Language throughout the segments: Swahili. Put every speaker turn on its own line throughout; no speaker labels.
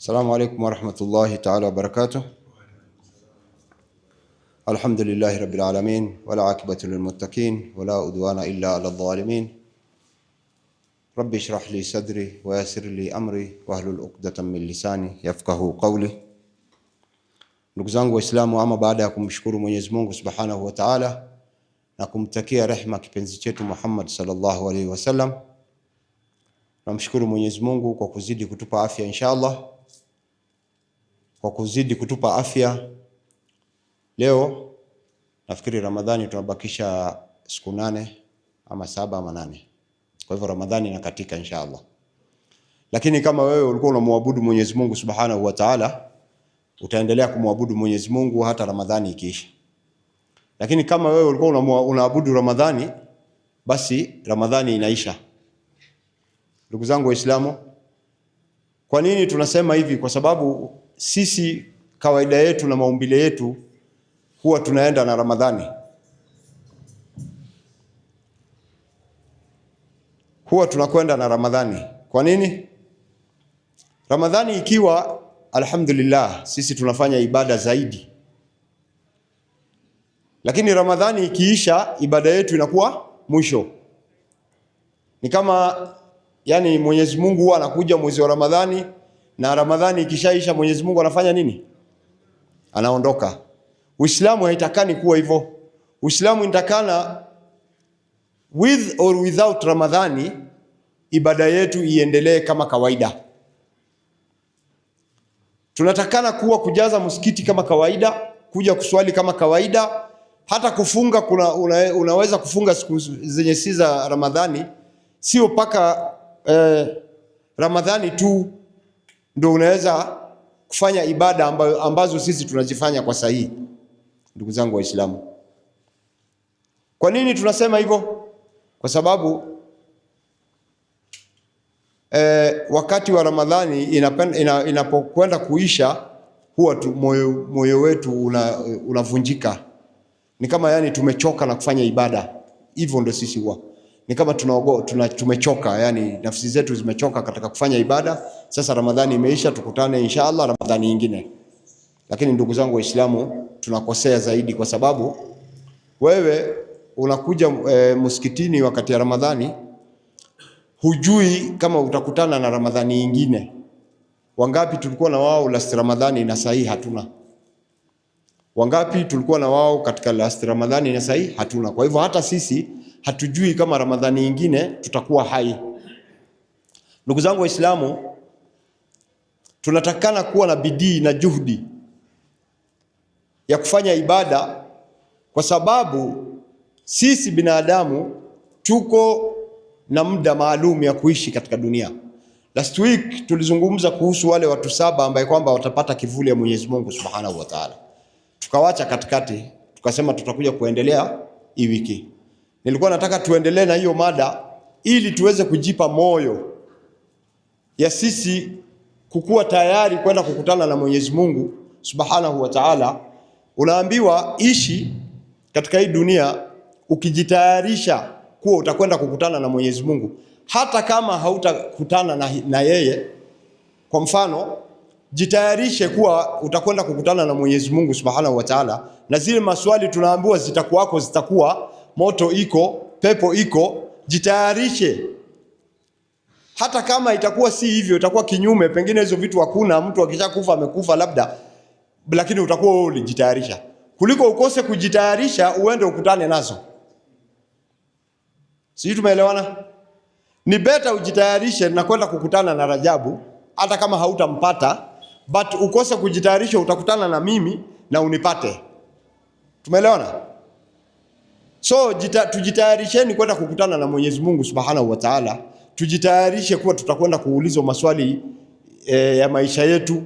السلام عليكم ورحمة الله تعالى وبركاته الحمد لله رب العالمين ولا عاقبة للمتقين ولا أدوان إلا على الظالمين ربي اشرح لي صدري ويسر لي أمري وأهل الأقدة من لساني يفقه قولي نقزانق وإسلام وعما بعدكم بشكر من يزمون سبحانه وتعالى نقوم تكيا رحمة كبنزيتشيت محمد صلى الله عليه وسلم نمشكر من يزمون كوكوزيدي كتب عافية إن شاء الله kwa kuzidi kutupa afya. Leo nafikiri Ramadhani tunabakisha siku nane ama saba ama nane, kwa hivyo Ramadhani inakatika inshaallah. Lakini kama wewe ulikuwa unamwabudu Mwenyezi Mungu Subhanahu wa Ta'ala, utaendelea kumwabudu Mwenyezi Mungu hata Ramadhani ikiisha. Lakini kama wewe ulikuwa unaabudu Ramadhani, basi Ramadhani inaisha. Ndugu zangu Waislamu, kwa nini tunasema hivi? Kwa sababu sisi kawaida yetu na maumbile yetu huwa tunaenda na Ramadhani, huwa tunakwenda na Ramadhani. Kwa nini? Ramadhani ikiwa alhamdulillah, sisi tunafanya ibada zaidi, lakini Ramadhani ikiisha, ibada yetu inakuwa mwisho. Ni kama yani, Mwenyezi Mungu huwa anakuja mwezi wa Ramadhani na Ramadhani ikishaisha Mwenyezi Mungu anafanya nini? Anaondoka. Uislamu haitakani kuwa hivyo. Uislamu inatakana with or without Ramadhani ibada yetu iendelee kama kawaida. Tunatakana kuwa kujaza msikiti kama kawaida, kuja kuswali kama kawaida, hata kufunga kuna, una, unaweza kufunga siku zenye si za Ramadhani, sio mpaka eh, Ramadhani tu ndio unaweza kufanya ibada ambayo, ambazo sisi tunazifanya kwa sahihi. Ndugu zangu Waislamu, kwa nini tunasema hivyo? Kwa sababu e, wakati wa Ramadhani inapokwenda ina, ina kuisha huwa tu, moyo, moyo wetu unavunjika una ni kama yani tumechoka na kufanya ibada. Hivyo ndio sisi huwa ni kama tunaogo, tuna, tumechoka yani, nafsi zetu zimechoka katika kufanya ibada. Sasa Ramadhani imeisha, tukutane inshallah Ramadhani nyingine. Lakini ndugu zangu Waislamu, tunakosea zaidi kwa sababu wewe unakuja e, msikitini wakati ya Ramadhani, hujui kama utakutana na Ramadhani nyingine. Wangapi tulikuwa na wao last Ramadhani na sahi hatuna? Wangapi tulikuwa na wao katika last Ramadhani na sahi hatuna? Kwa hivyo hata sisi hatujui kama Ramadhani nyingine tutakuwa hai. Ndugu zangu Waislamu, tunatakana kuwa na bidii na juhudi ya kufanya ibada, kwa sababu sisi binadamu tuko na muda maalum ya kuishi katika dunia. Last week tulizungumza kuhusu wale watu saba ambaye kwamba watapata kivuli ya Mwenyezi Mungu Subhanahu wa Ta'ala, tukawacha katikati, tukasema tutakuja kuendelea hii wiki. Nilikuwa nataka tuendelee na hiyo mada ili tuweze kujipa moyo ya sisi kukuwa tayari kwenda kukutana na Mwenyezi Mungu Subhanahu wa Ta'ala. Unaambiwa ishi katika hii dunia ukijitayarisha kuwa utakwenda kukutana na Mwenyezi Mungu, hata kama hautakutana na, na yeye. Kwa mfano, jitayarishe kuwa utakwenda kukutana na Mwenyezi Mungu Subhanahu wa Ta'ala, na zile maswali tunaambiwa zitakuwako zitakuwa moto iko, pepo iko, jitayarishe. Hata kama itakuwa si hivyo, itakuwa kinyume, pengine hizo vitu hakuna, mtu akishakufa amekufa labda, lakini utakuwa wewe ulijitayarisha, kuliko ukose kujitayarisha uende ukutane nazo. Sijui tumeelewana? Ni beta ujitayarishe na kwenda kukutana na Rajabu, hata kama hautampata but ukose kujitayarisha, utakutana na mimi na unipate. Tumeelewana? So jita, tujitayarisheni kwenda kukutana na Mwenyezi Mungu Subhanahu wa Ta'ala. Tujitayarishe kuwa tutakwenda kuulizwa maswali e, ya maisha yetu.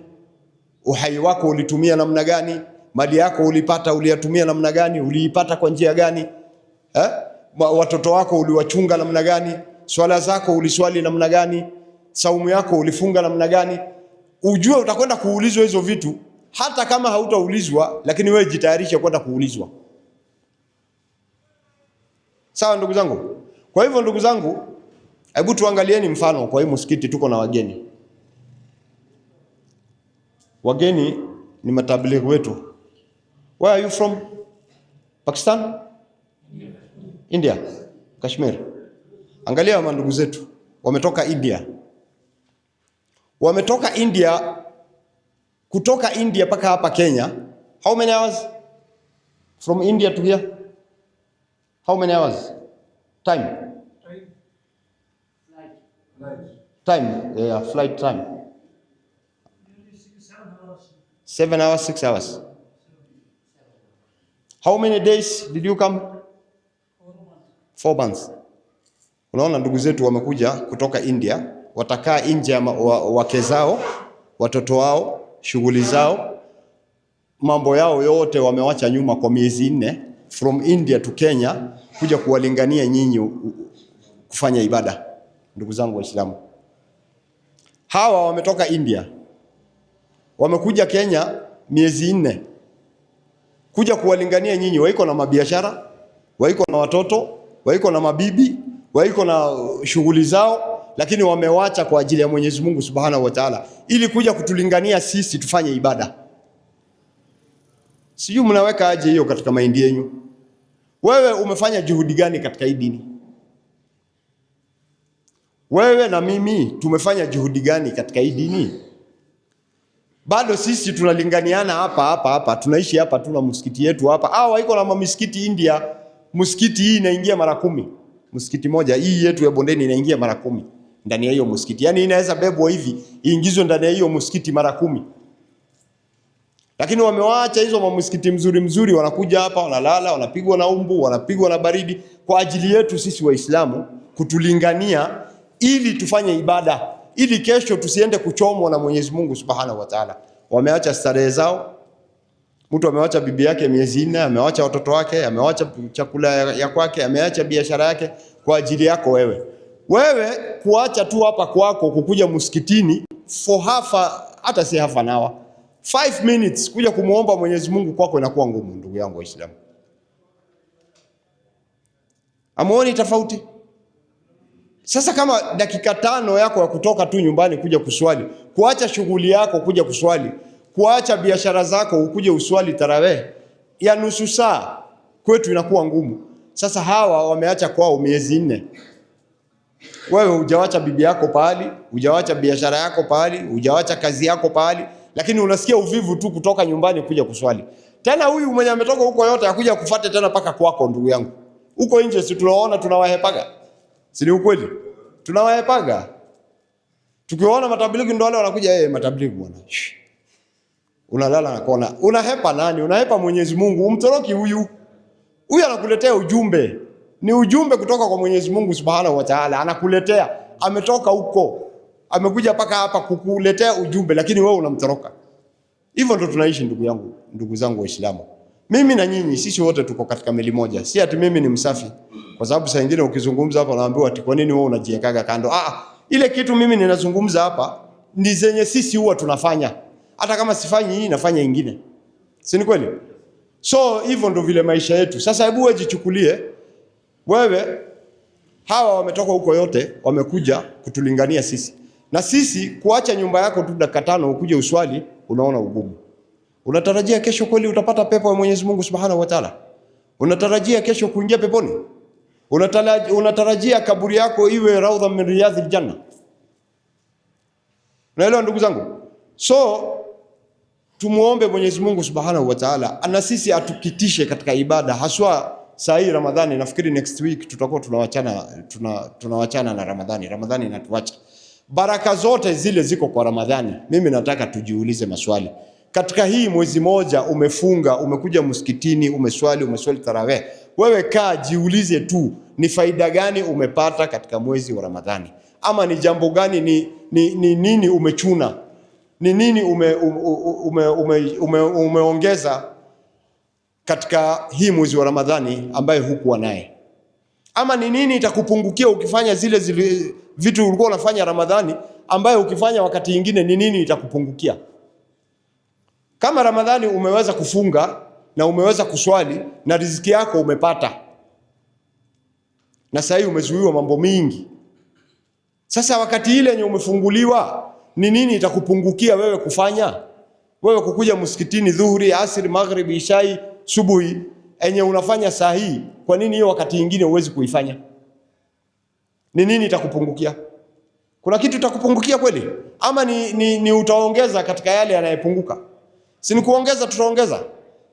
Uhai wako ulitumia namna gani? Mali yako ulipata uliyatumia namna gani? Uliipata kwa njia gani? Eh? Watoto wako uliwachunga namna gani? Swala zako uliswali namna gani? Saumu yako ulifunga namna gani? Ujue utakwenda kuulizwa hizo vitu, hata kama hautaulizwa, lakini wewe jitayarishe kwenda kuulizwa. Sawa ndugu zangu. Kwa hivyo ndugu zangu, hebu tuangalieni mfano kwa hii msikiti, tuko na wageni. Wageni ni matablighi wetu. Where are you from? Pakistan? India? Kashmir? Angalia wa ndugu zetu wametoka India, wametoka India, kutoka India mpaka hapa Kenya. How many hours from India to here? How many hours? Time. Time. Time. Yeah, flight time. Seven hours, six hours. How many days did you come? Four months. Unaona, ndugu zetu wamekuja kutoka India, watakaa nje ya wake zao, watoto wao, shughuli zao, mambo yao yote wamewacha nyuma kwa miezi nne from India to Kenya kuja kuwalingania nyinyi kufanya ibada. Ndugu zangu Waislamu, hawa wametoka India wamekuja Kenya miezi nne kuja kuwalingania nyinyi. Waiko na mabiashara, waiko na watoto, waiko na mabibi, waiko na shughuli zao, lakini wamewacha kwa ajili ya Mwenyezi Mungu Subhanahu wa Ta'ala, ili kuja kutulingania sisi tufanye ibada. Sijui mnaweka aje hiyo katika maindi yenu. Wewe umefanya juhudi gani katika hii dini? Wewe na mimi tumefanya juhudi gani katika hii dini? Bado sisi tunalinganiana hapa hapa hapa, tunaishi hapa, tuna msikiti yetu hapa. Ah, waiko na msikiti India, msikiti hii inaingia mara kumi. Msikiti moja hii yetu ya bondeni inaingia mara kumi ndani ya hiyo msikiti. Yaani inaweza bebwa hivi iingizwe ndani ya hiyo msikiti mara kumi. Lakini wamewaacha hizo mamsikiti mzuri mzuri, wanakuja hapa wanalala, wanapigwa na umbu, wanapigwa na baridi, kwa ajili yetu sisi Waislamu kutulingania, ili tufanye ibada, ili kesho tusiende kuchomwa na Mwenyezi Mungu Subhanahu wa Ta'ala. Wameacha starehe zao. Mtu amewacha bibi yake miezi nne, amewacha watoto wake, amewacha chakula ya kwake, ameacha biashara yake kwa ajili yako wewe. Wewe kuacha tu hapa kwako kukuja msikitini for hafa, hata si hafa nawa Five minutes kuja kumwomba Mwenyezi Mungu kwako inakuwa ngumu, ndugu yangu Waislamu. Amuoni tofauti? Sasa kama dakika tano yako ya kutoka tu nyumbani kuja kuswali, kuacha shughuli yako kuja kuswali, kuacha biashara zako ukuje uswali tarawih ya nusu saa, kwetu inakuwa ngumu. Sasa hawa wameacha kwao miezi nne, wewe hujawacha bibi yako pahali, hujawacha biashara yako pahali, hujawacha kazi yako pahali lakini unasikia uvivu tu kutoka nyumbani kuja kuswali. Tena huyu mwenye ametoka huko yote akuja kufuata tena paka kwako, ndugu yangu. Huko nje si tunaona tunawahepaga. Si ni ukweli? Tunawahepaga. Tukiona matabiliki ndio wale wanakuja yeye eh, matabiliki bwana. Unalala na kona. Unahepa nani? Unahepa Mwenyezi Mungu. Umtoroki huyu. Huyu anakuletea ujumbe. Ni ujumbe kutoka kwa Mwenyezi Mungu Subhanahu wa Ta'ala. Anakuletea. Ametoka huko amekuja mpaka hapa kukuletea ujumbe, lakini wewe unamtoroka. Hivyo ndo tunaishi ndugu yangu, ndugu zangu Waislamu. Mimi na nyinyi sisi wote tuko katika meli moja, si ati mimi ni msafi, kwa sababu saa nyingine ukizungumza hapa naambiwa ati kwa nini wewe unajiekaga kando. Ah, ile kitu mimi ninazungumza hapa ni zenye sisi huwa tunafanya, hata kama sifanyi hii nafanya ingine, si ni kweli? So hivyo ndo vile maisha yetu. Sasa hebu wewe jichukulie wewe, hawa wametoka huko yote, wamekuja kutulingania sisi na sisi kuacha nyumba yako tu dakika tano ukuje uswali, unaona ugumu. Unatarajia kesho kweli utapata pepo ya Mwenyezi Mungu Subhanahu wa Ta'ala? Unatarajia kesho kuingia peponi? Unatarajia, unatarajia kaburi yako iwe raudha min riyadhi janna? Naelewa ndugu zangu. So tumuombe Mwenyezi Mungu Subhanahu wa Ta'ala na sisi atukitishe katika ibada haswa saa hii Ramadhani. Nafikiri next week tutakuwa tunawachana tunawachana na Ramadhani. Ramadhani inatuacha Baraka zote zile ziko kwa Ramadhani. Mimi nataka tujiulize maswali katika hii mwezi moja. Umefunga, umekuja msikitini, umeswali, umeswali tarawih. Wewe kaa jiulize tu, ni faida gani umepata katika mwezi wa Ramadhani? Ama ni jambo gani, ni, ni, ni nini umechuna, ni nini ume, ume, ume, ume, umeongeza katika hii mwezi wa Ramadhani ambaye hukuwa naye, ama ni nini itakupungukia ukifanya zile zile vitu ulikuwa unafanya Ramadhani ambayo ukifanya wakati ingine ni nini itakupungukia. Kama Ramadhani umeweza kufunga na umeweza kuswali na riziki yako umepata, na sasa hivi umezuiwa mambo mingi. Sasa wakati ile yenye umefunguliwa ni nini itakupungukia wewe kufanya? Wewe kukuja msikitini dhuhuri, asiri, maghribi, ishai, subuhi enye unafanya saa hii, kwa nini hiyo wakati ingine huwezi kuifanya? ni nini itakupungukia? Kuna kitu itakupungukia kweli? Ama ni, ni, ni utaongeza katika yale yanayepunguka? Si ni kuongeza tutaongeza.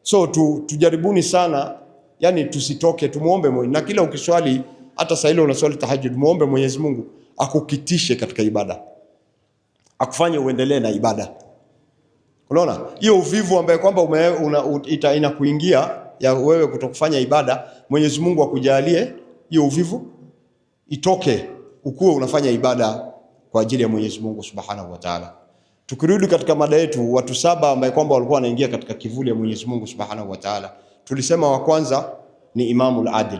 So tu, tujaribuni sana, yani tusitoke, tumuombe Mungu. Na kila ukiswali hata saa ile unaswali tahajjud, muombe Mwenyezi Mungu akukitishe katika ibada. Akufanye uendelee na ibada. Unaona? Hiyo uvivu ambaye kwamba inakuingia ya wewe kutokufanya ibada, Mwenyezi Mungu akujalie hiyo uvivu itoke, ukuwe unafanya ibada kwa ajili ya Mwenyezi Mungu Subhanahu wa Ta'ala. Tukirudi katika mada yetu, watu saba ambao kwamba walikuwa wanaingia katika kivuli ya Mwenyezi Mungu Subhanahu wa Ta'ala, tulisema wa kwanza ni imamul adil,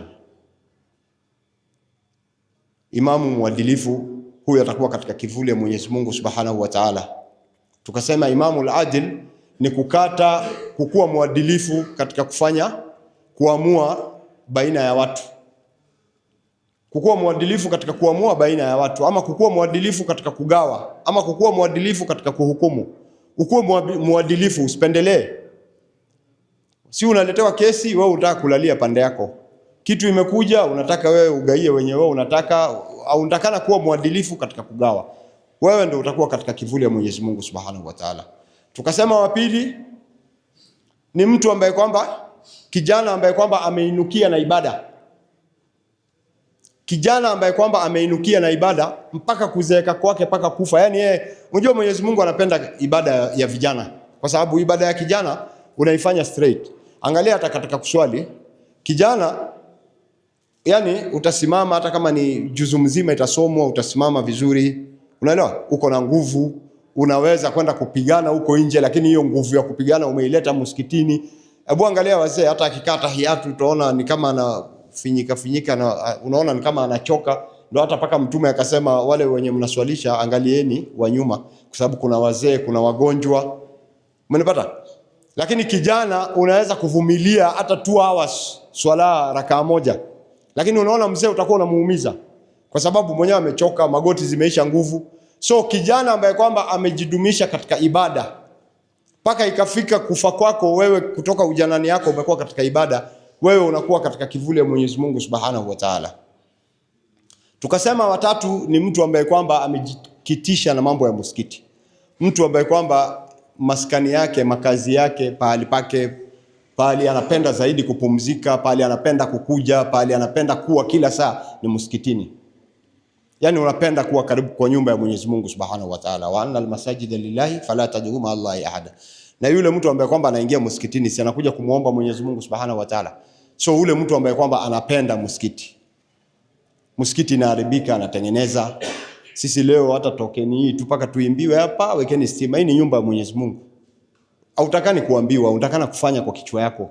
imamu mwadilifu. Huyu atakuwa katika kivuli ya Mwenyezi Mungu Subhanahu wa Ta'ala. Tukasema imamul adil ni kukata, kukuwa mwadilifu katika kufanya kuamua baina ya watu kukuwa mwadilifu katika kuamua baina ya watu, ama kukuwa mwadilifu katika kugawa, ama kukuwa mwadilifu katika kuhukumu. Ukuwe mwadilifu, usipendelee. Si unaletewa kesi, wewe unataka kulalia pande yako, kitu imekuja, unataka wewe ugaie wenye wewe unataka. Au unatakana kuwa mwadilifu katika kugawa, wewe ndio utakuwa katika kivuli ya Mwenyezi Mungu Subhanahu wa Ta'ala. Tukasema wa pili ni mtu ambaye kwamba kijana ambaye kwamba ameinukia na ibada kijana ambaye kwamba ameinukia na ibada mpaka kuzeeka kwake mpaka kufa. Yani yeye, unajua Mwenyezi Mungu anapenda ibada ya vijana, kwa sababu ibada ya kijana unaifanya straight. Angalia hata katika kuswali kijana, yani utasimama hata kama ni juzu mzima itasomwa, utasimama vizuri, unaelewa, uko na nguvu, unaweza kwenda kupigana huko nje, lakini hiyo nguvu ya kupigana umeileta msikitini. Hebu angalia wazee, hata akikata hiatu utaona ni kama ana finyika finyika na unaona ni kama anachoka. ndo hata paka mtume akasema, wale wenye mnaswalisha angalieni wa nyuma, kwa sababu kuna wazee, kuna wagonjwa, umenipata. Lakini kijana unaweza kuvumilia hata 2 hours swala rakaa moja, lakini unaona mzee utakuwa unamuumiza, kwa sababu mwenyewe amechoka, magoti zimeisha nguvu. So kijana ambaye kwamba amejidumisha katika ibada mpaka ikafika kufa kwako wewe, kutoka ujanani yako umekuwa katika ibada wewe unakuwa katika kivuli ya Mwenyezi Mungu Subhanahu wa Ta'ala. Tukasema watatu ni mtu ambaye kwamba amejikitisha na mambo ya msikiti, mtu ambaye kwamba maskani yake, makazi yake, pahali pake, pahali anapenda zaidi kupumzika, pahali anapenda kukuja, pahali anapenda kuwa kila saa ni msikitini. Yani unapenda kuwa karibu kwa nyumba ya Mwenyezi Mungu Subhanahu wa Ta'ala, wa anna almasajida lillahi fala tad'u ma'a Allahi ahada. Na yule mtu ambaye kwamba anaingia msikitini si anakuja kumuomba Mwenyezi Mungu Subhanahu wa Ta'ala So ule mtu ambaye kwamba anapenda msikiti, msikiti inaharibika, anatengeneza. Sisi leo hata tokeni hii tu mpaka tuimbiwe hapa, wekeni stima. Hii ni nyumba ya Mwenyezi Mungu. Hautakani kuambiwa, unatakana kufanya kwa kichwa yako,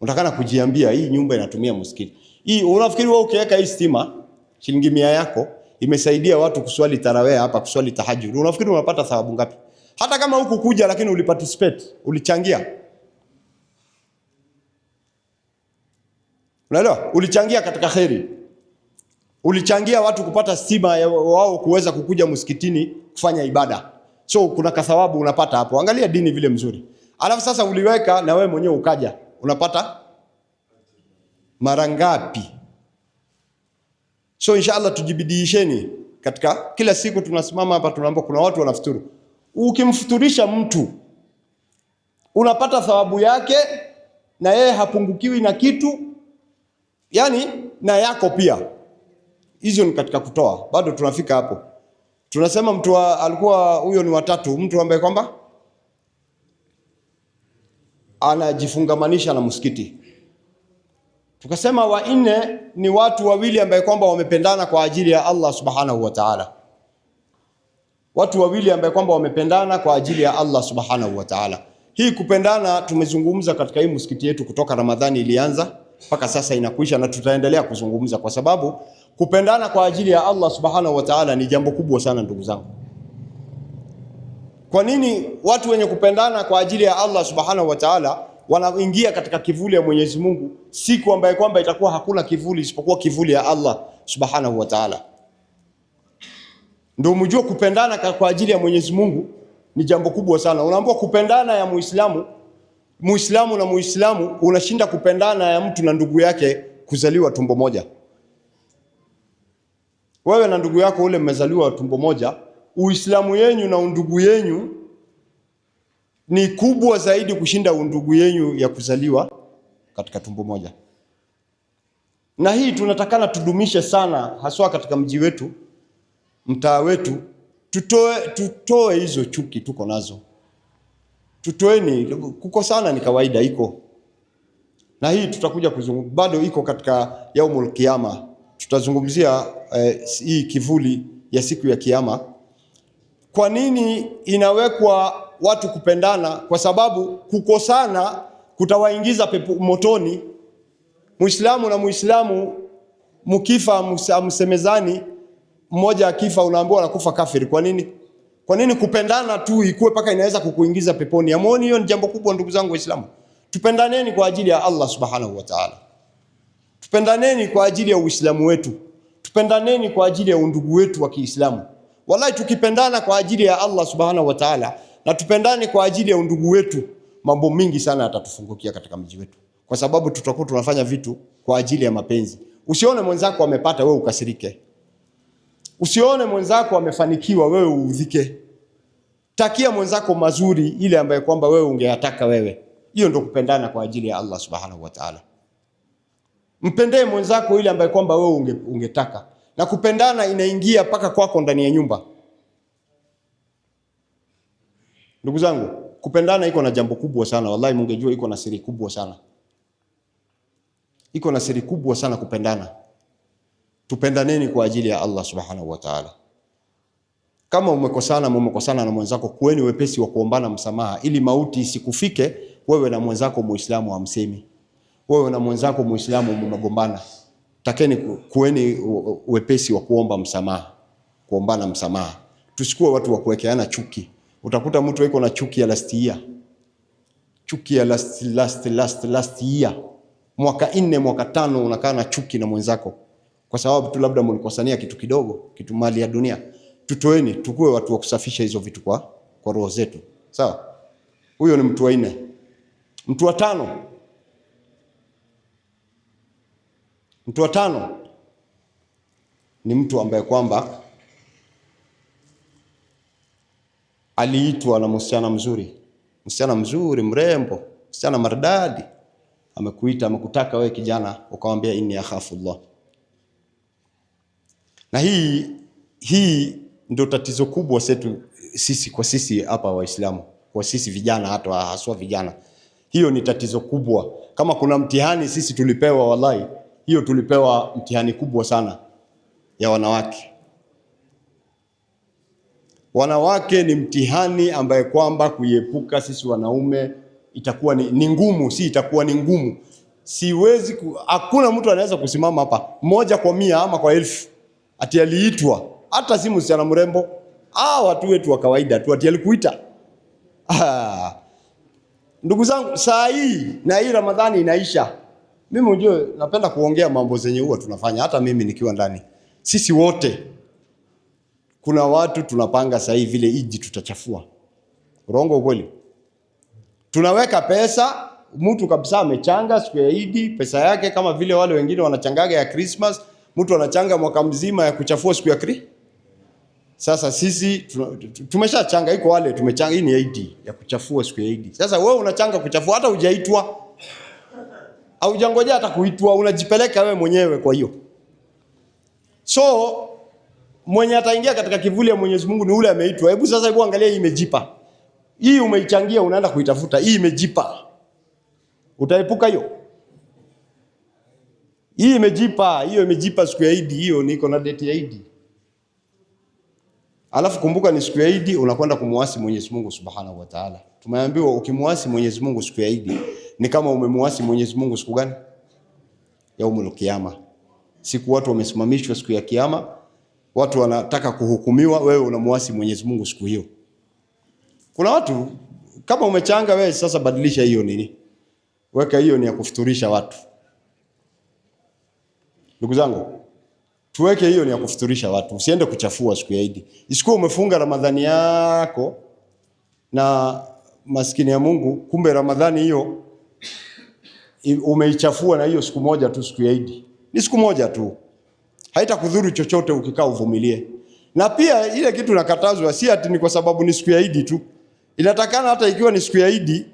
unatakana kujiambia, hii nyumba inatumia msikiti. Hii unafikiri wewe ukiweka hii stima shilingi mia yako imesaidia watu kuswali tarawih hapa, kuswali tahajjud, unafikiri unapata thawabu ngapi? Hata kama hukukuja, lakini uliparticipate, ulichangia. Unaelewa? Ulichangia katika kheri, ulichangia watu kupata stima ya wao kuweza kukuja msikitini kufanya ibada, so kuna kathawabu unapata hapo. Angalia dini vile mzuri, alafu sasa uliweka na wewe mwenyewe ukaja, unapata mara ngapi? So inshallah tujibidiisheni katika kila siku tunasimama hapa, tunaomba. Kuna watu wanafuturu, ukimfuturisha mtu unapata thawabu yake na yeye hapungukiwi na kitu yani na yako pia. Hizo ni katika kutoa, bado tunafika hapo. Tunasema mtu alikuwa huyo ni watatu, mtu ambaye kwamba anajifungamanisha na msikiti. Tukasema wa nne ni watu wawili ambaye kwamba wamependana kwa ajili ya Allah subhanahu wa ta'ala, watu wawili ambaye kwamba wamependana kwa ajili ya Allah subhanahu wa ta'ala. Hii kupendana tumezungumza katika hii msikiti yetu kutoka Ramadhani ilianza mpaka sasa inakwisha, na tutaendelea kuzungumza kwa sababu kupendana kwa ajili ya Allah subhanahu wa ta'ala ni jambo kubwa sana, ndugu zangu. Kwa nini watu wenye kupendana kwa ajili ya Allah subhanahu wa ta'ala wanaingia katika kivuli ya Mwenyezi Mungu siku ambayo kwamba itakuwa hakuna kivuli isipokuwa kivuli ya Allah subhanahu wa ta'ala? Ndio mjue kupendana kwa ajili ya Mwenyezi Mungu ni jambo kubwa sana. Unaambiwa kupendana ya Muislamu Muislamu na Muislamu unashinda kupendana ya mtu na ndugu yake kuzaliwa tumbo moja. Wewe na ndugu yako ule mmezaliwa tumbo moja, Uislamu yenyu na undugu yenyu ni kubwa zaidi kushinda undugu yenyu ya kuzaliwa katika tumbo moja. Na hii tunatakana tudumishe sana, haswa katika mji wetu, mtaa wetu, tutoe tutoe hizo chuki tuko nazo tutoeni, kukosana ni kawaida, iko na hii tutakuja kuzungumza, bado iko katika yaumul kiyama, tutazungumzia eh, hii kivuli ya siku ya kiyama. Kwa nini inawekwa watu kupendana? Kwa sababu kukosana kutawaingiza pepo motoni. Muislamu na Muislamu mkifa amsemezani, mmoja akifa unaambiwa anakufa kafiri. Kwa nini? Kwa nini kupendana tu ikuwe paka inaweza kukuingiza peponi? Amwoni hiyo ni jambo kubwa, ndugu zangu Waislamu. Tupendaneni kwa ajili ya Allah subhanahu wa ta'ala, tupendaneni kwa ajili ya Uislamu wetu, tupendaneni kwa ajili ya undugu wetu wa Kiislamu. Wallahi, tukipendana kwa ajili ya Allah subhanahu wa ta'ala na tupendane kwa ajili ya undugu wetu, mambo mingi sana yatatufungukia katika mji wetu, kwa sababu tutakuwa tunafanya vitu kwa ajili ya mapenzi. Usione mwenzako amepata, wewe ukasirike. Usione mwenzako amefanikiwa wewe uudhike. Takia mwenzako mazuri ile ambayo kwamba wewe ungeyataka wewe. Hiyo ndio kupendana kwa ajili ya Allah Subhanahu wa Ta'ala. Mpendee mwenzako ile ambayo kwamba wewe unge, ungetaka. Na kupendana inaingia mpaka kwako ndani ya nyumba. Ndugu zangu, kupendana iko na jambo kubwa sana. Wallahi mungejua iko na siri kubwa sana. Iko na siri kubwa sana kupendana tupendaneni kwa ajili ya Allah subhanahu wa ta'ala. Kama umekosana umekosana na mwenzako, kuweni wepesi wa kuombana msamaha, ili mauti isikufike wewe na mwenzako Muislamu hamsemi, wewe na mwenzako Muislamu mmegombana. Takeni kuweni wepesi wa kuomba msamaha, kuombana msamaha. Tusikuwe watu wa kuwekeana chuki. Utakuta mtu yuko na chuki ya year, chuki ya last, last, last, last year, mwaka nne mwaka tano unakaa na chuki na mwenzako kwa sababu tu labda mlikosania kitu kidogo, kitu mali ya dunia. Tutoeni, tukue watu wa kusafisha hizo vitu kwa, kwa roho zetu, sawa? Huyo ni mtu wa nne. Mtu wa tano, mtu wa tano ni mtu ambaye kwamba aliitwa na msichana mzuri, msichana mzuri, mrembo, msichana maridadi, amekuita amekutaka wewe kijana, ukamwambia inni akhafu Allah na hii, hii ndio tatizo kubwa setu sisi kwa sisi hapa Waislamu, kwa sisi vijana, hata haswa vijana. Hiyo ni tatizo kubwa. Kama kuna mtihani sisi tulipewa, wallahi, hiyo tulipewa mtihani kubwa sana ya wanawake. Wanawake ni mtihani ambaye kwamba kuiepuka sisi wanaume itakuwa ni ngumu, si itakuwa ni ngumu, siwezi ku... hakuna mtu anaweza kusimama hapa moja kwa mia ama kwa elfu ati aliitwa, hata si msichana mrembo, ah, watu wetu wa kawaida tu, ati alikuita. Ah, ndugu zangu, saa hii na hii Ramadhani inaisha. Mimi unjue, napenda kuongea mambo zenye huwa tunafanya, hata mimi nikiwa ndani. Sisi wote kuna watu tunapanga saa hii vile iji tutachafua. Urongo kweli? Tunaweka pesa, mtu kabisa amechanga siku ya Idi pesa yake, kama vile wale wengine wanachangaga ya Christmas mtu anachanga mwaka mzima ya kuchafua siku ya kri. Sasa sisi tumeshachanga, iko wale tumechanga, hii ni ID ya kuchafua siku ya ID. Sasa wewe unachanga kuchafua, hata hujaitwa, haujangoja hata kuitwa, unajipeleka wewe mwenyewe. Kwa hiyo so mwenye ataingia katika kivuli ya Mwenyezi Mungu ni ule ameitwa. Hebu sasa, hebu angalia hii imejipa, hii umeichangia, unaenda kuitafuta hii imejipa, utaepuka hiyo. Hii imejipa, hiyo imejipa siku ya Idi, hiyo niko na date ya Idi. Alafu kumbuka ni siku ya Idi unakwenda kumuasi Mwenyezi Mungu Subhanahu wa Ta'ala. Tumeambiwa ukimuasi Mwenyezi Mungu siku ya Idi ni kama umemuasi Mwenyezi Mungu siku gani? Yaumul Kiyama. Siku watu wamesimamishwa siku ya Kiyama, watu wanataka kuhukumiwa, wewe unamuasi Mwenyezi Mungu siku hiyo. Kuna watu kama umechanga wewe, sasa badilisha hiyo nini, weka hiyo ni ya kufuturisha watu Ndugu zangu, tuweke hiyo ni ya kufuturisha watu, usiende kuchafua siku ya Idi. Isikuwa umefunga Ramadhani yako na maskini ya Mungu, kumbe Ramadhani hiyo umeichafua na hiyo siku moja tu. Siku ya Idi ni siku moja tu, haitakudhuru chochote ukikaa uvumilie. Na pia ile kitu nakatazwa, si ati ni kwa sababu ni siku ya Idi tu, inatakana hata ikiwa ni siku ya Idi,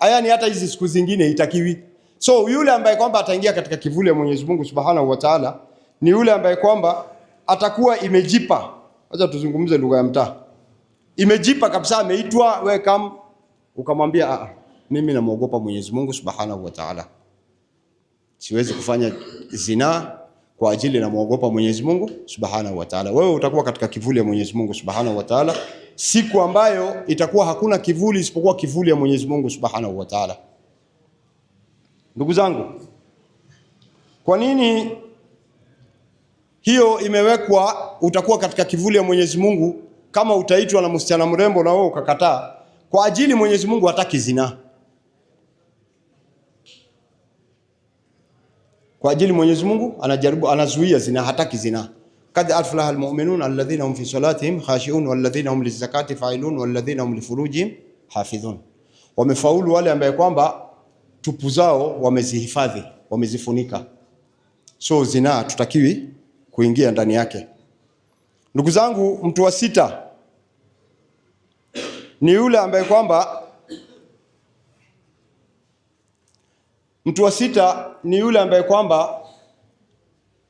yaani hata hizi siku zingine itakiwi So yule ambaye kwamba ataingia katika kivuli ya Mwenyezi Mungu Subhanahu wa Ta'ala ni yule ambaye kwamba atakuwa imejipa. Acha tuzungumze lugha ya mtaa. Imejipa kabisa, ameitwa welcome, ukamwambia ah, ah mimi namuogopa Mwenyezi Mungu Subhanahu wa Ta'ala, siwezi kufanya zinaa kwa ajili namuogopa Mwenyezi Mungu Subhanahu wa Ta'ala. Wewe utakuwa katika kivuli ya Mwenyezi Mungu Subhanahu wa Ta'ala siku ambayo itakuwa hakuna kivuli isipokuwa kivuli ya Mwenyezi Mungu Subhanahu wa Ta'ala. Ndugu zangu, kwa nini hiyo imewekwa? Utakuwa katika kivuli ya Mwenyezi Mungu kama utaitwa na msichana mrembo na wewe ukakataa, kwa ajili Mwenyezi Mungu hataki zinaa. Kwa ajili Mwenyezi Mungu anajaribu, anazuia zina, hataki zina. Kad aflaha almu'minun alladhina hum fi salatihim khashi'un walladhina hum lizakati fa'ilun walladhina hum lifurujihim hafidhun, wamefaulu wale ambaye kwamba tupu zao wamezihifadhi, wamezifunika. So zinaa tutakiwi kuingia ndani yake. Ndugu zangu, mtu wa sita ni yule ambaye kwamba mtu wa sita ni yule ambaye kwamba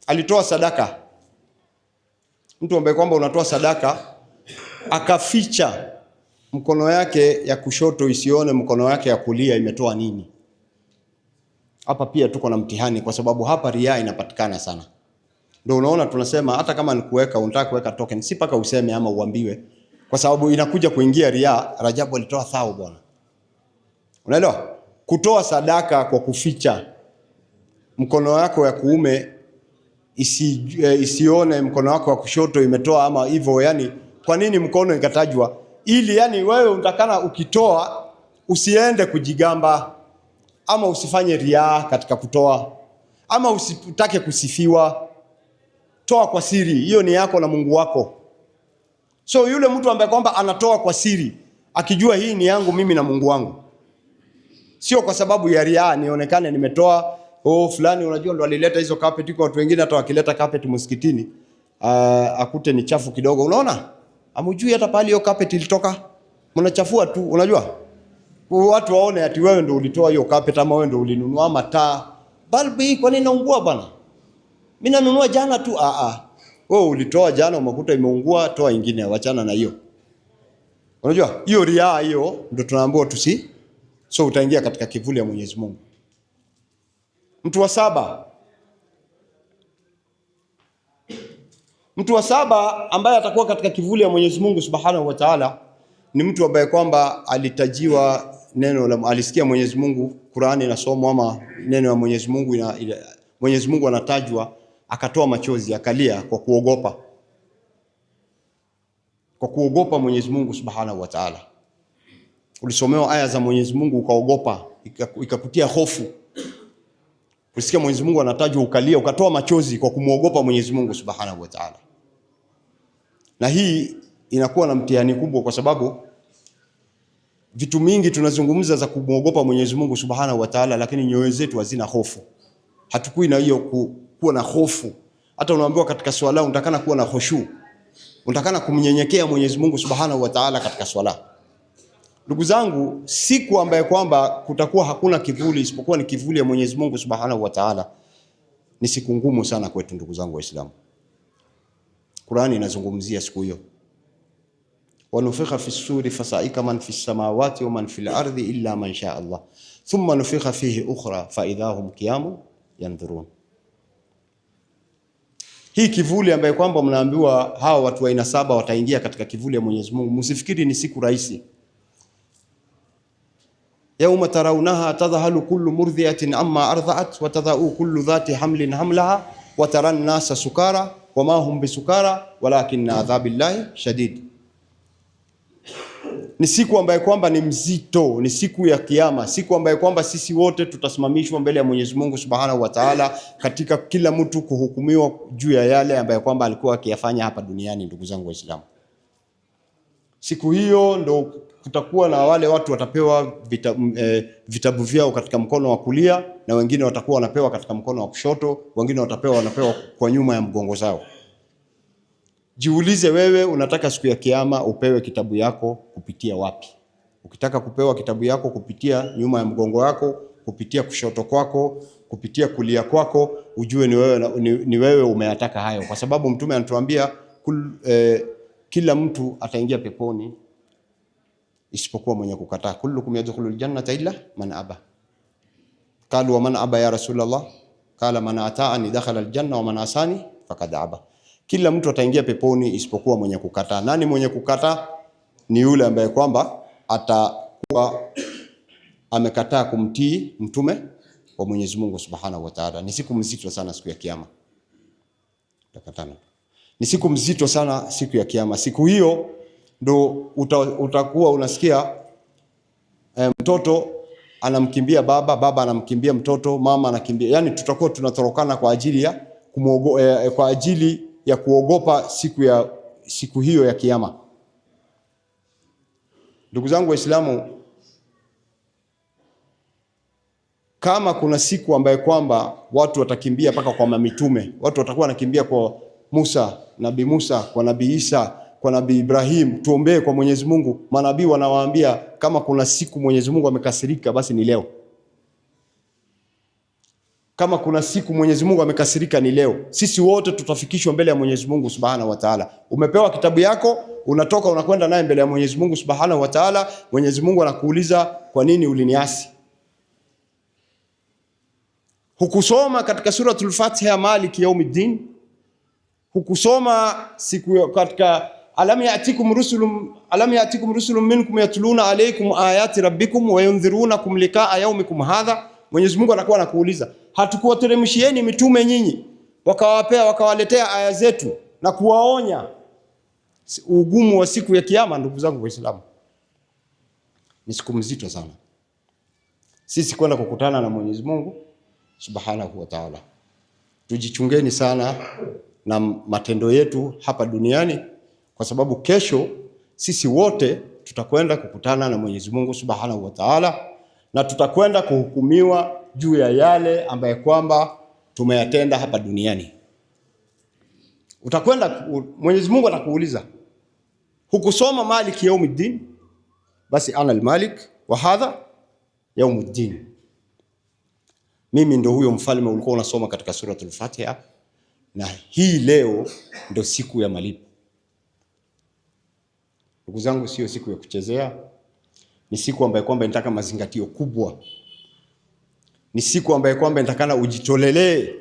alitoa sadaka. Mtu ambaye kwamba unatoa sadaka akaficha mkono yake ya kushoto isione mkono yake ya kulia imetoa nini. Hapa pia tuko na mtihani kwa sababu hapa ria inapatikana sana. Ndio unaona tunasema hata kama ni kuweka unataka kuweka token si paka useme ama uambiwe kwa sababu inakuja kuingia ria. Rajabu alitoa thao bwana. Unaelewa? Kutoa sadaka kwa kuficha mkono wako ya kuume isi, eh, isione mkono wako wa kushoto imetoa ama hivyo yani. Kwa nini mkono ikatajwa? Ili yani wewe unatakana ukitoa usiende kujigamba ama usifanye riaa katika kutoa, ama usitake kusifiwa. Toa kwa siri, hiyo ni yako na Mungu wako. So yule mtu ambaye kwamba anatoa kwa siri akijua hii ni yangu mimi na Mungu wangu, sio kwa sababu ya riaa nionekane nimetoa. Oh, fulani unajua ndo alileta hizo carpet. Kwa watu wengine hata wakileta carpet msikitini uh, akute ni chafu kidogo, unaona amujui hata pale hiyo carpet ilitoka, mnachafua tu, unajua watu waone ati wewe ndio ulitoa hiyo carpet ama wewe ndio ulinunua mataa. Balbu hii kwa nini inaungua bwana? Mimi nanunua jana tu. A ah, a. Ah. Wewe ulitoa jana umekuta imeungua, toa ingine, wachana na hiyo. Unajua? Hiyo ria hiyo ndio tunaambiwa tusi. So utaingia katika kivuli ya Mwenyezi Mungu. Mtu wa saba. Mtu wa saba ambaye atakuwa katika kivuli ya Mwenyezi Mungu Subhanahu wa Ta'ala ni mtu ambaye kwamba alitajiwa neno la alisikia Mwenyezi Mungu, Qur'ani inasomwa ama neno la Mwenyezi Mungu ina, ina, Mwenyezi Mungu anatajwa, akatoa machozi akalia kwa kuogopa, kwa kuogopa Mwenyezi Mungu Subhanahu wa Ta'ala. Ulisomewa aya za Mwenyezi Mungu ukaogopa, ikakutia hofu. Ulisikia Mwenyezi Mungu anatajwa ukalia, ukatoa machozi kwa kumwogopa Mwenyezi Mungu Subhanahu wa Ta'ala. Na hii inakuwa na mtihani kubwa kwa sababu Vitu mingi tunazungumza za kumwogopa Mwenyezi Mungu Subhanahu wa Ta'ala, lakini nyoyo zetu hazina hofu. Hatukui na hiyo ku, kuwa na hofu. Hata unaambiwa katika swala unatakana kuwa na khushu. Unatakana kumnyenyekea Mwenyezi Mungu Subhanahu wa Ta'ala katika swala. Ndugu zangu, siku ambaye kwamba kutakuwa hakuna kivuli isipokuwa ni kivuli ya Mwenyezi Mungu Subhanahu wa Ta'ala ni siku ngumu sana kwetu ndugu zangu Waislamu. Qur'ani inazungumzia siku hiyo wanufikha fi suri fasaika man fi samawati wa man fil ardi illa man sha Allah thumma nufikha fihi ukhra fa idha hum qiyamun yandhurun. Hii kivuli ambaye kwamba mnaambiwa hawa watu wa aina saba wataingia katika kivuli ya Mwenyezi Mungu, msifikiri ni siku rahisi. Yauma tarawunaha tadhhalu kullu murdhiatin amma ardha'at wa tadhau kullu dhati hamlin hamlaha wa taran nasa sukara wa ma hum bisukara walakinna adhabillahi shadid ni siku ambayo kwamba ni mzito, ni siku ya Kiyama, siku ambayo kwamba sisi wote tutasimamishwa mbele ya Mwenyezi Mungu Subhanahu wa Ta'ala, katika kila mtu kuhukumiwa juu ya yale ambayo kwamba alikuwa akiyafanya hapa duniani. Ndugu zangu Waislamu, siku hiyo ndo kutakuwa na wale watu watapewa vitabu, e, eh, vitabu vyao katika mkono wa kulia na wengine watakuwa wanapewa katika mkono wa kushoto, wengine watapewa wanapewa kwa nyuma ya mgongo zao. Jiulize wewe unataka siku ya kiyama upewe kitabu yako kupitia wapi? Ukitaka kupewa kitabu yako kupitia nyuma ya mgongo wako, kupitia kushoto kwako, kupitia kulia kwako, ujue ni wewe, ni, ni wewe umeyataka hayo, kwa sababu Mtume anatuambia kul, eh, kila mtu ataingia peponi isipokuwa mwenye kukataa, kullukum yadkhulul jannata illa man aba. Kalu wa man aba ya Rasulullah, Kala man ataani dakhala aljanna wa man asani faqad aba. Kila mtu ataingia peponi isipokuwa mwenye kukataa. Nani mwenye kukataa? Ni yule ambaye kwamba atakuwa amekataa kumtii mtume wa Mwenyezi Mungu Subhanahu wa Ta'ala. Ni siku mzito sana siku ya kiyama. Takatana. Ni siku mzito sana siku ya kiyama. Siku hiyo ndo uta, utakuwa unasikia e, mtoto anamkimbia baba, baba anamkimbia mtoto, mama anakimbia. Yaani tutakuwa tunatorokana kwa ajili ya kumuogo, e, eh, kwa ajili ya kuogopa siku, ya, siku hiyo ya Kiyama. Ndugu zangu Waislamu, kama kuna siku ambaye kwamba watu watakimbia mpaka kwa mamitume, watu watakuwa wanakimbia kwa Musa, Nabii Musa, kwa Nabii Isa, kwa Nabii Ibrahim. Tuombee kwa Mwenyezi Mungu, manabii wanawaambia kama kuna siku Mwenyezi Mungu amekasirika, basi ni leo. Kama kuna siku Mwenyezi Mungu amekasirika ni leo. Sisi wote tutafikishwa mbele ya Mwenyezi Mungu Subhanahu wa Ta'ala. Umepewa kitabu yako, unatoka unakwenda naye mbele ya Mwenyezi Mungu Subhanahu wa Ta'ala. Mwenyezi Mungu anakuuliza kwa nini uliniasi? Hukusoma katika suratul Fatiha Maliki Yawmiddin? Hukusoma siku katika alam yatikum rusulun alam yatikum rusulun minkum yatluna alaykum ayati rabbikum wa yunzirunakum liqa'a yawmikum hadha Mwenyezi Mungu anakuwa anakuuliza, hatukuwateremshieni mitume nyinyi wakawapea wakawaletea aya zetu na kuwaonya ugumu wa siku ya Kiyama? Ndugu zangu Waislamu, ni siku mzito sana sisi kwenda kukutana na Mwenyezi Mungu Subhanahu wa Ta'ala. Tujichungeni sana na matendo yetu hapa duniani, kwa sababu kesho sisi wote tutakwenda kukutana na Mwenyezi Mungu Subhanahu wa Ta'ala na tutakwenda kuhukumiwa juu ya yale ambaye kwamba tumeyatenda hapa duniani. Utakwenda, Mwenyezi Mungu anakuuliza hukusoma Malik yaumiddin, basi ana almalik wa hadha yaumuddin, mimi ndo huyo mfalme ulikuwa unasoma katika suratul Fatiha, na hii leo ndo siku ya malipo. Ndugu zangu, sio siku ya kuchezea ni siku ambayo kwamba inataka mazingatio kubwa, ni siku ambayo kwamba inatakana ujitolelee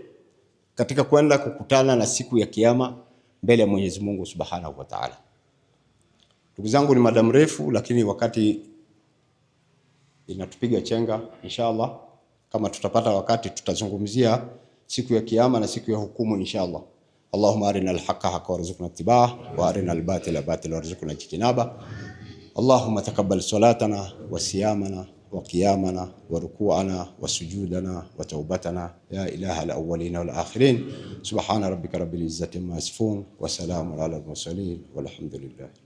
katika kwenda kukutana na siku ya kiyama mbele ya Mwenyezi Mungu Subhanahu wa Ta'ala. Ndugu zangu, ni mada mrefu, lakini wakati inatupiga chenga. Inshallah, kama tutapata wakati, tutazungumzia siku ya kiyama na siku ya hukumu inshallah. Allahumma arina alhaqa haqqan warzuqna ittibaa wa arina albatila batila warzuqna ijtinaba. اللهم تقبل صلاتنا وصيامنا وقيامنا وركوعنا وسجودنا وتوبتنا يا إله الأولين والآخرين سبحان ربك رب العزة ما يصفون وسلام على المرسلين والحمد لله